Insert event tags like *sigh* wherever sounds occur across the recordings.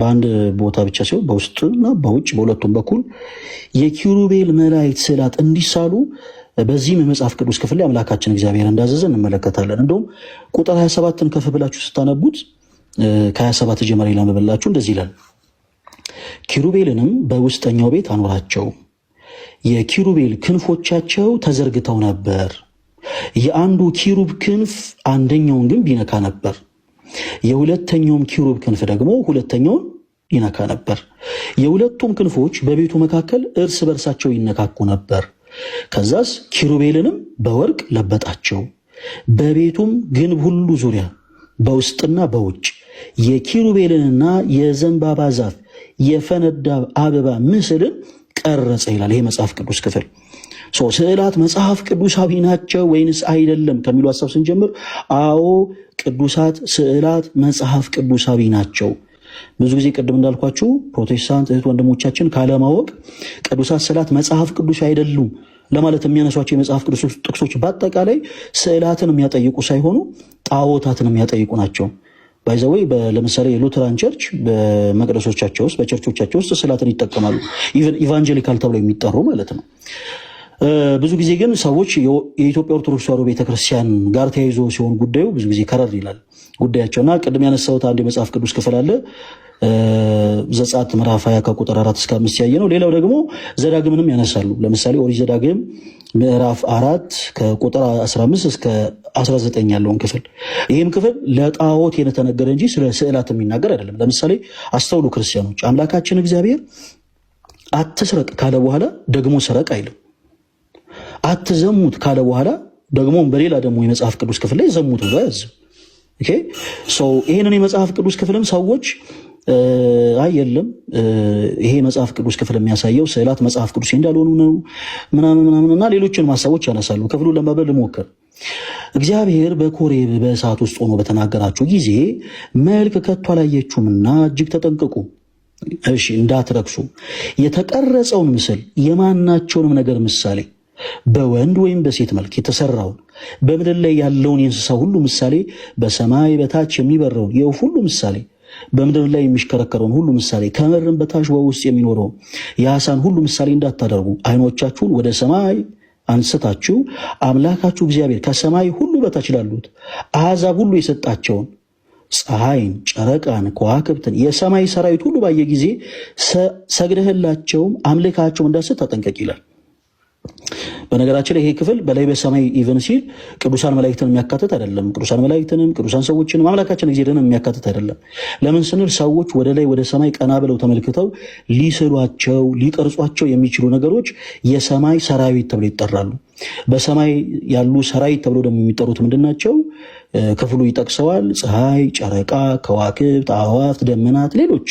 በአንድ ቦታ ብቻ ሲሆን በውስጥና በውጭ በሁለቱም በኩል የኪሩቤል መላእክት ስዕላት እንዲሳሉ በዚህም የመጽሐፍ ቅዱስ ክፍል ላይ አምላካችን እግዚአብሔር እንዳዘዘ እንመለከታለን። እንደውም ቁጥር 27ን ከፍ ብላችሁ ስታነቡት ከ27 ጀመሪ ላመበላችሁ እንደዚህ ይላል፣ ኪሩቤልንም በውስጠኛው ቤት አኖራቸው፣ የኪሩቤል ክንፎቻቸው ተዘርግተው ነበር፣ የአንዱ ኪሩብ ክንፍ አንደኛውን ግንብ ይነካ ነበር የሁለተኛውም ኪሩብ ክንፍ ደግሞ ሁለተኛውን ይነካ ነበር። የሁለቱም ክንፎች በቤቱ መካከል እርስ በርሳቸው ይነካኩ ነበር። ከዛስ ኪሩቤልንም በወርቅ ለበጣቸው። በቤቱም ግንብ ሁሉ ዙሪያ በውስጥና በውጭ የኪሩቤልንና የዘንባባ ዛፍ የፈነዳ አበባ ምስልን ቀረጸ ይላል ይሄ መጽሐፍ ቅዱስ ክፍል። ስዕላት መጽሐፍ ቅዱሳዊ ናቸው ወይንስ አይደለም ከሚሉ ሀሳብ ስንጀምር፣ አዎ ቅዱሳት ስዕላት መጽሐፍ ቅዱሳዊ ናቸው። ብዙ ጊዜ ቅድም እንዳልኳችሁ ፕሮቴስታንት እህት ወንድሞቻችን ካለማወቅ ቅዱሳት ስዕላት መጽሐፍ ቅዱስ አይደሉም ለማለት የሚያነሷቸው የመጽሐፍ ቅዱስ ጥቅሶች በአጠቃላይ ስዕላትን የሚያጠይቁ ሳይሆኑ ጣዖታትን የሚያጠይቁ ናቸው። ባይዘወይ ለምሳሌ የሉተራን ቸርች በመቅደሶቻቸው ውስጥ በቸርቾቻቸው ውስጥ ስዕላትን ይጠቀማሉ። ኢቫንጀሊካል ተብለው የሚጠሩ ማለት ነው። ብዙ ጊዜ ግን ሰዎች የኢትዮጵያ ኦርቶዶክስ ተዋህዶ ቤተክርስቲያን ጋር ተያይዞ ሲሆን ጉዳዩ ብዙ ጊዜ ከረር ይላል ጉዳያቸው እና ቅድም ያነሳሁት አንድ የመጽሐፍ ቅዱስ ክፍል አለ ዘጸአት ምዕራፍ ሃያ ከቁጥር አራት እስከ አምስት ያየ ነው። ሌላው ደግሞ ዘዳግምንም ያነሳሉ። ለምሳሌ ኦሪት ዘዳግም ምዕራፍ አራት ከቁጥር 15 እስከ 19 ያለውን ክፍል ይህም ክፍል ለጣዖት የተነገረ እንጂ ስለ ስዕላት የሚናገር አይደለም። ለምሳሌ አስተውሉ ክርስቲያኖች፣ አምላካችን እግዚአብሔር አትስረቅ ካለ በኋላ ደግሞ ስረቅ አይልም። አትዘሙት ካለ በኋላ ደግሞ በሌላ ደግሞ የመጽሐፍ ቅዱስ ክፍል ላይ ዘሙት ብሎ አያዝም። ይህንን የመጽሐፍ ቅዱስ ክፍልም ሰዎች አይ የለም ይሄ መጽሐፍ ቅዱስ ክፍል የሚያሳየው ስዕላት መጽሐፍ ቅዱስ እንዳልሆኑ ነው ምናምን ምናምንና ሌሎችን ማሳቦች ያነሳሉ። ክፍሉን ለመበል ሞክር እግዚአብሔር በኮሬብ በእሳት ውስጥ ሆኖ በተናገራቸው ጊዜ መልክ ከቶ አላየችሁምና እጅግ ተጠንቅቁ፣ እሺ እንዳትረክሱ የተቀረጸውን ምስል የማናቸውንም ነገር ምሳሌ በወንድ ወይም በሴት መልክ የተሰራውን በምድር ላይ ያለውን የእንስሳ ሁሉ ምሳሌ፣ በሰማይ በታች የሚበረውን የወፍ ሁሉ ምሳሌ፣ በምድር ላይ የሚሽከረከረውን ሁሉ ምሳሌ፣ ከምድርም በታች በውስጥ የሚኖረውን የዓሣን ሁሉ ምሳሌ እንዳታደርጉ አይኖቻችሁን ወደ ሰማይ አንስታችሁ አምላካችሁ እግዚአብሔር ከሰማይ ሁሉ በታች ላሉት አሕዛብ ሁሉ የሰጣቸውን ፀሐይን፣ ጨረቃን፣ ከዋክብትን የሰማይ ሰራዊት ሁሉ ባየ ጊዜ ሰግደህላቸውም አምልካቸውም እንዳሰጥ ተጠንቀቅ ይላል። በነገራችን ላይ ይሄ ክፍል በላይ በሰማይ ኢቨን ሲል ቅዱሳን መላእክትን የሚያካትት አይደለም። ቅዱሳን መላእክትንም ቅዱሳን ሰዎችን አምላካችን እግዚአብሔርን የሚያካትት አይደለም። ለምን ስንል ሰዎች ወደ ላይ ወደ ሰማይ ቀና ብለው ተመልክተው ሊስሏቸው፣ ሊቀርጿቸው የሚችሉ ነገሮች የሰማይ ሰራዊት ተብለው ይጠራሉ። በሰማይ ያሉ ሰራዊት ተብሎ ደግሞ የሚጠሩት ምንድን ናቸው? ክፍሉ ይጠቅሰዋል። ፀሐይ፣ ጨረቃ፣ ከዋክብት፣ አዋፍት፣ ደመናት፣ ሌሎች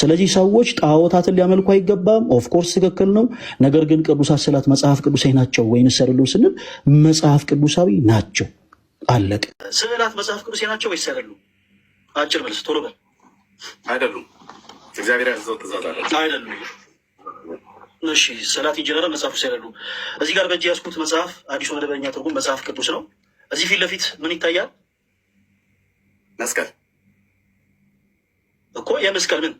ስለዚህ ሰዎች ጣዖታትን ሊያመልኩ አይገባም። ኦፍኮርስ ትክክል ነው። ነገር ግን ቅዱሳት ስዕላት መጽሐፍ ቅዱሳዊ ናቸው ወይንስ አይደሉም ስንል መጽሐፍ ቅዱሳዊ ናቸው። አለቅ ስዕላት መጽሐፍ ቅዱሳዊ ናቸው ወይስ አይደሉም? አጭር መልስ ቶሎ በል። አይደሉም። እግዚአብሔር ያዘው ትእዛዝ አይደሉም። እሺ ስዕላት ኢንጂነር መጽሐፍ ቅዱሳዊ አይደሉም። እዚህ ጋር በእጅ ያስኩት መጽሐፍ አዲሱ መደበኛ ትርጉም መጽሐፍ ቅዱስ ነው። እዚህ ፊት ለፊት ምን ይታያል? መስቀል እኮ የመስቀል ምን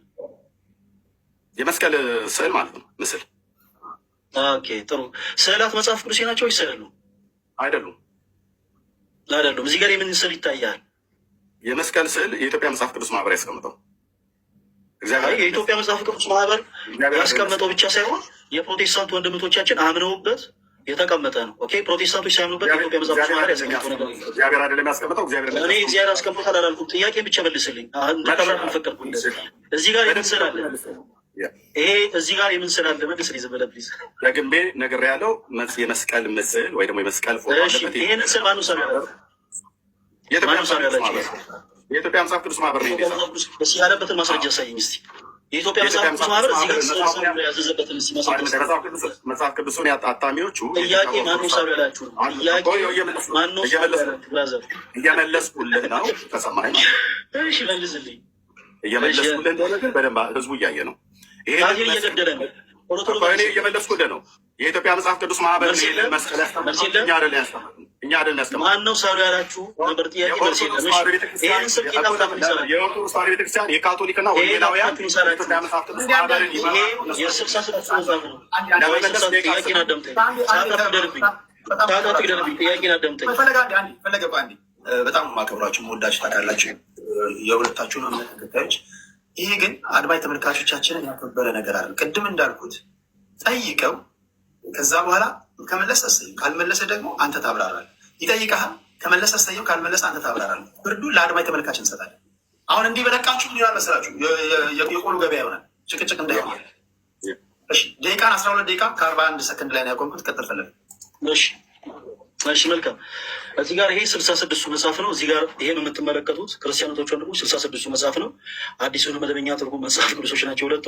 የመስቀል ስዕል ማለት ነው። ምስል ኦኬ፣ ጥሩ ስዕላት መጽሐፍ ቅዱሴ ናቸው ወይስ ስዕል ነው? አይደሉም፣ አይደሉም። እዚህ ጋር የምን ስዕል ይታያል? የመስቀል ስዕል የኢትዮጵያ መጽሐፍ ቅዱስ ማህበር ያስቀምጠው የኢትዮጵያ መጽሐፍ ቅዱስ ማህበር ያስቀመጠው ብቻ ሳይሆን የፕሮቴስታንት ወንድምቶቻችን አምነውበት የተቀመጠ ነው። ኦኬ ፕሮቴስታንቶች ሳይሆኑበት ኢትዮጵያ መጽሐፍ ማር ያስቀምጠውእግዚአብሔር አይደለም ያስቀምጠው እግዚአብሔር እኔ እግዚአብሔር አስቀምጦታል አላልኩም። ጥያቄ ብቻ መልስልኝ። ከብራት ፈቀድኩ። እዚህ ጋር የምንስላለን ይሄ እዚህ ጋር የምንስላለ መልስ ሊዝ በለ ፕሊዝ። ደግሜ ነግር ያለው የመስቀል ምስል ወይ ደግሞ የመስቀል ይሄን ይህን ስል ማኑ ሰ የኢትዮጵያ መጽሐፍ ቅዱስ ማህበር ነው ያለበትን ማስረጃ ያሳየኝ እስኪ የኢትዮጵያ መጽሐፍ ቅዱስ ማህበር መጽሐፍ ጥያቄ እየመለስኩልን ነው። ተሰማኝ። እየመለስኩልን እንደሆነ ግን በደንብ ህዝቡ እያየ ነው። እየገደለ ነው። እየመለስኩልን ነው። የኢትዮጵያ መጽሐፍ ቅዱስ ማህበር መስቀል እኛ አደለ ማን ነው ሳሉ ያላችሁ ነበር ጥያቄ መልስ ስልክ የካቶሊክና ወንጌላውያን በጣም ማከብራችሁ መወዳችሁ ታውቃላችሁ፣ የሁለታችሁን እምነት ተከታዮች። ይሄ ግን አድማጭ ተመልካቾቻችንን ያከበረ ነገር አለ። ቅድም እንዳልኩት ጠይቀው ከዛ በኋላ ከመለሰ እሰየው፣ ካልመለሰ ደግሞ አንተ ታብራራል። ይጠይቀሃል። ከመለሰ እሰየው፣ ካልመለሰ አንተ ታብራራል። ፍርዱ ለአድማጭ ተመልካች እንሰጣለን። አሁን እንዲህ በለቃችሁ ምን ይሆናል መሰላችሁ? የቆሉ ገበያ ይሆናል። ጭቅጭቅ እንዳይሆን ደቂቃን አስራ ሁለት ደቂቃ ከአርባ አንድ ሰከንድ ላይ ነው ያቆምኩት። ቀጥል ፈለግ እሺ መልካም። እዚህ ጋር ይሄ ስልሳ ስድስቱ መጽሐፍ ነው። እዚህ ጋር ይሄን የምትመለከቱት ክርስቲያኖቶች ወንድሞች ስልሳ ስድስቱ መጽሐፍ ነው። አዲሱን መደበኛ ትርጉም መጽሐፍ ቅዱሶች ናቸው ሁለቱ።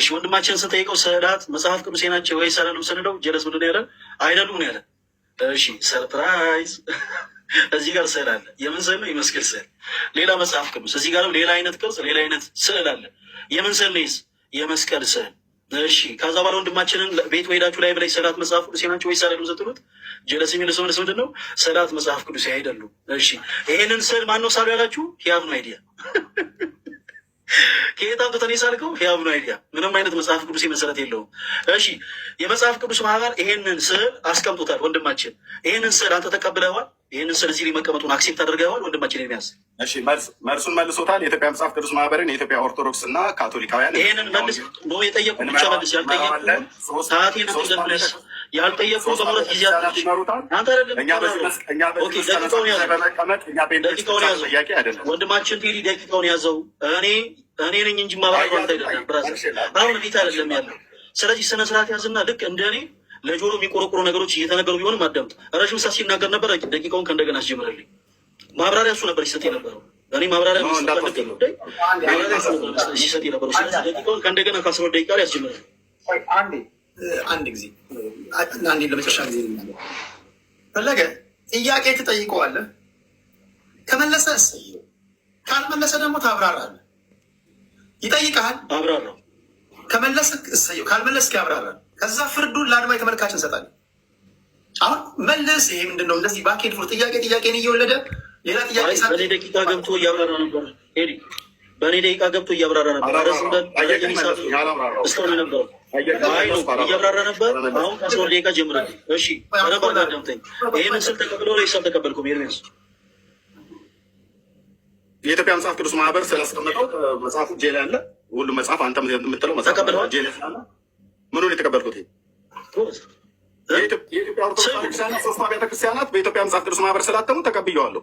እሺ ወንድማችን ስንጠይቀው ስዕላት መጽሐፍ ቅዱሴ ናቸው ወይስ አይደሉም ስንለው ጀለስ ምንድን ያለ አይደሉም ነው ያለ። እሺ ሰርፕራይዝ፣ እዚህ ጋር ስዕል አለ። የምን ስዕል ነው? የመስቀል ስዕል። ሌላ መጽሐፍ ቅዱስ እዚህ ጋርም ሌላ አይነት ቅርጽ፣ ሌላ አይነት ስዕል አለ። የምን ስዕል ነው? የመስቀል ስዕል እሺ ከዛ በኋላ ወንድማችንን ቤት ወሄዳችሁ ላይ ብላይ ሰላት መጽሐፍ ቅዱሴ ናቸው ወይ አይደሉም ስትሉት ጀለስ የሚል ሰው ደስ ምንድን ነው? ሰላት መጽሐፍ ቅዱሴ አይደሉም። እሺ ይሄንን ስል ማን ነው ሳሉ ያላችሁ? ህያብ ነው አይዲያ *laughs* ከየት አምጥተህ የሳልከው? ህያብ ነው አይዲያ ምንም አይነት መጽሐፍ ቅዱሴ መሰረት የለውም። እሺ የመጽሐፍ ቅዱስ ማህበር ይሄንን ስል አስቀምጦታል። ወንድማችን ይሄንን ስል አንተ ተቀብለዋል? ይህንን ስለዚህ ሊመቀመጡን አክሴፕት አድርገ ይሆን ወንድማችን የሚያዝ እሺ መልሱን መልሶታል። የኢትዮጵያ መጽሐፍ ቅዱስ ማህበርን የኢትዮጵያ ኦርቶዶክስ እና ካቶሊካውያን ይህንን መልስ ነው የጠየቁ ብቻ መልስ ያልጠየቁ ያልጠየቁ በሁለት ጊዜ ወንድማችን ቴዲ ደቂቃውን ያዘው። እኔ እኔ ነኝ እንጂ ማባራት አሁን ቤት አይደለም ያለው። ስለዚህ ስነስርዓት ያዝና ልክ እንደ እኔ ለጆሮ የሚቆረቆሩ ነገሮች እየተነገሩ ቢሆንም አዳምጥ። ረዥም ሰዓት ሲናገር ነበር። ደቂቃውን ከእንደገና አስጀምረልኝ። ማብራሪያ እሱ ነበር ይሰጥ የነበረው። እኔ ማብራሪያ ሲሰጥ የነበረው። ደቂቃውን ከእንደገና ከአስሮ ደቂቃ ላይ አስጀምረልኝ። አንድ ጊዜ አንዴ ለመጨረሻ ጊዜ ፈለገ ጥያቄ ትጠይቀዋለህ። ከመለሰ ካልመለሰ ደግሞ ታብራራለህ። ይጠይቀሃል፣ አብራራው። ከመለስ እሰየው፣ ካልመለስ ያብራራል። ከዛ ፍርዱን ለአድማ ተመልካች እንሰጣለን። አሁን መለስ ይሄ ምንድን ነው እንደዚህ ባኬድ ፉር ጥያቄ ጥያቄን እየወለደ ሌላ ጥያቄ በእኔ ደቂቃ ገብቶ እያብራራ ነበር። በእኔ ደቂቃ ገብቶ እያብራራ ነበር። እስካሁን ነው እያብራራ ነበር። አሁን ከአስራ ደቂቃ ጀምራል። እሺ ረቆርድ አዳምጠኝ። ይሄ ምስል ተቀብለ ወይስ ተቀበልኩም ኤርሜስ የኢትዮጵያ መጽሐፍ ቅዱስ ማህበር ስላስቀመጠው መጽሐፉ ጄላ ያለ ሁሉ መጽሐፍ አንተ የምትለው መጽሐፍ ጄላ ስላለ ምኑን የተቀበልኩት? ሶስት አብያተ ክርስቲያናት በኢትዮጵያ መጽሐፍ ቅዱስ ማህበር ስላተሙ ተቀብየዋለሁ።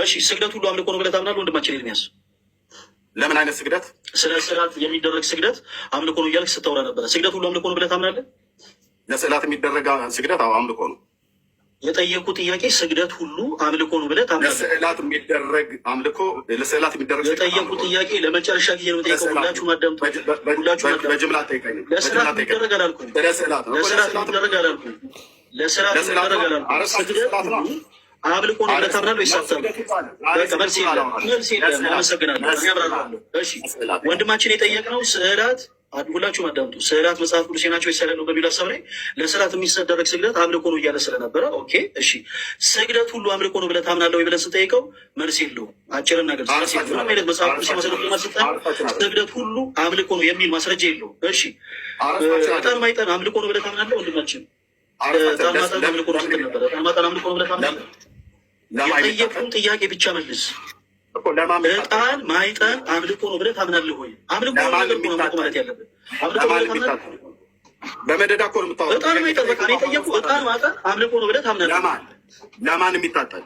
እሺ። ስግደት ሁሉ አምልኮ ነው ብለህ ታምናለህ ወንድማችን ኤርሚያስ? ለምን አይነት ስግደት? ስለ ስርዓት የሚደረግ ስግደት አምልኮ ነው እያልክ ስታወራ ነበረ። ስግደት ሁሉ አምልኮ ነው ብለህ ታምናለህ? ለስዕላት የሚደረግ ስግደት አዎ አምልኮ ነው። የጠየቁ ጥያቄ ስግደት ሁሉ አምልኮ ነው ብለህ ታምናለህ? ለስዕላት የሚደረግ አምልኮ ለስዕላት የሚደረግ የጠየቁ ጥያቄ ለመጨረሻ ጊዜ ነው የምጠይቀው። ሁላችሁም አዳምጡ። በጅምላ አትጠይቀኝም። ለስዕላት የሚደረግ አላልኩም። ለስዕላት የሚደረግ አላልኩም። ለስዕላት የሚደረግ አላልኩም። ስግደት ሁሉ አምልኮ ነው ብለህ ታምናለህ ወይስ መልስ የለም። መልስ የለም። አመሰግናለሁ። ወንድማችን የጠየቅነው ስዕላት ሁላችሁም አዳምጡ። ስዕላት መጽሐፍ ቅዱስ ናቸው የሰለ ነው በሚል ሀሳብ ላይ ለስዕላት የሚሰደረግ ስግደት አምልኮ ነው እያለ ስለነበረ፣ ኦኬ እሺ፣ ስግደት ሁሉ አምልኮ ነው ብለህ ታምናለህ ወይ ብለን ስጠይቀው መልስ የለውም። አጭርና ገ ሁሉም መጽሐፍ ቅዱስ ስግደት ሁሉ አምልኮ ነው የሚል ማስረጃ የለውም። እሺ፣ ዕጣን ማይጠን አምልኮ ነው ብለህ ታምናለህ? ወንድማችን ዕጣን አምልኮ ነው ስትል ነበር። ዕጣን ማጠን አምልኮ ነው ብለህ ታምናለህ? የጠየቁን ጥያቄ ብቻ መልስ እጣን ማይጠን አምልኮ ነው ብለህ ታምናለህ ወይ? አምልኮ በመደዳ እኮ ነው የምታወራው። እጣን ማይጠን በቃ እኔ ጠየቅኩህ። እጣን ማጠን አምልኮ ነው ብለህ ታምናለህ? ለማን የሚታጠን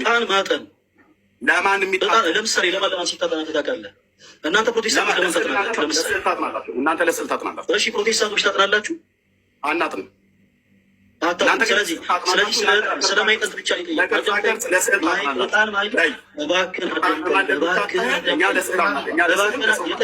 እጣን ማጠን? ለማን ለምሳሌ ለማን ሲታጠን ታውቃለህ? እናንተ ፕሮቴስታንቶች ለምን ታጥናላችሁ? ለምሳሌ እናንተ ለስዕል ታጥናላችሁ። እሺ ፕሮቴስታንቶች ታጥናላችሁ? አናጥንም ስለዚህ ስለ ማይቀጥ ብቻ